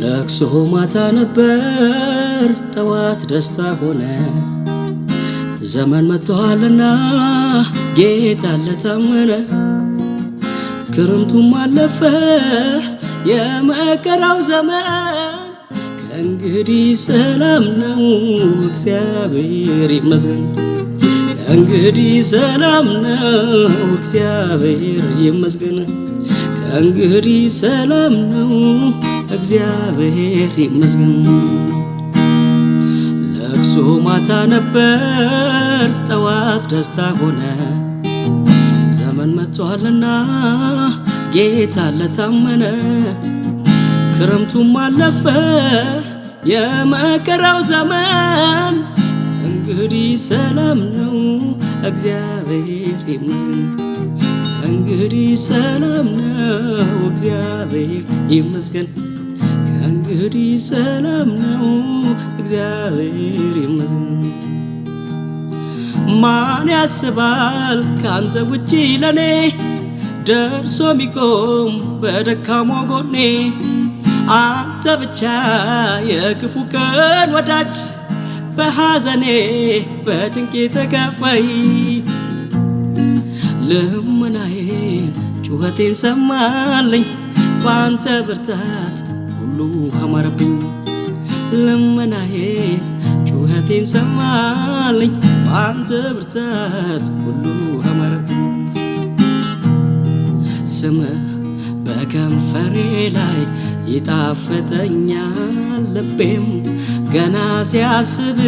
ለቅሶ ማታ ነበር፣ ጠዋት ደስታ ሆነ። ዘመን መጥቷልና ጌታ ለታመነ ክርምቱም አለፈ የመከራው ዘመን። ከእንግዲህ ሰላም ነው እግዚአብሔር ይመስገን። ከእንግዲህ ሰላም ነው እግዚአብሔር ይመስገን። ከእንግዲህ ሰላም ነው እግዚአብሔር ይመስገን። ለቅሶ ማታ ነበር፣ ጠዋት ደስታ ሆነ። ዘመን መጥቷልና ጌታ ለታመነ ክረምቱም አለፈ የመከራው ዘመን እንግዲህ ሰላም ነው እግዚአብሔር ይመስገን። እንግዲህ ሰላም ነው እግዚአብሔር ይመስገን። እንግዲህ ሰላም ነው እግዚአብሔር ይመስገን። ማን ያስባል ከአንተ ውጪ ለኔ ደርሶ ሚቆም በደካሞ ጎኔ አንተ ብቻ የክፉ ቀን ወዳጅ በሐዘኔ በጭንቄ ተከፋይ ልመናዬን ጩኸቴን ሰማለኝ በአንተ ብርታት ሁሉ አማረብኝ ልመናዬ ጩኸቴን ሰማልኝ በአንተ ብርታት ሁሉ አማረብኝ ስምህ በከንፈሬ ላይ ይጣፍጠኛል ልቤም ገና ሲያስብ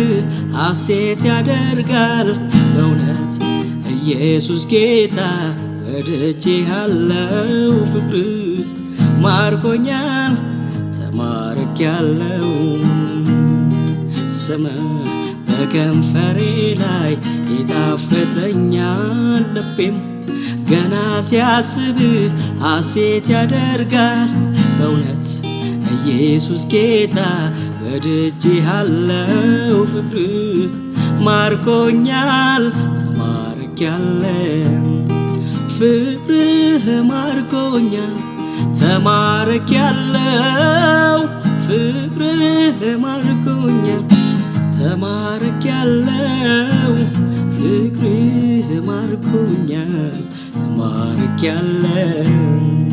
ሐሴት ያደርጋል በእውነት ኢየሱስ ጌታ ወድጄሃለው ፍቅር ማርኮኛል ማረክ ያለው ስም በከንፈሬ ላይ ይጣፍጠኛል ልቤም ገና ሲያስብ ሐሴት ያደርጋል በእውነት ኢየሱስ ጌታ ወድጄሃለው ፍቅር ማርኮኛል ተማርኪያለ ፍቅርህ ማርኮኛል ተማርክ ያለው ፍቅርህ ማርኮኛል ተማርክ ያለው ፍቅርህ ማርኮኛል ተማርክ ያለው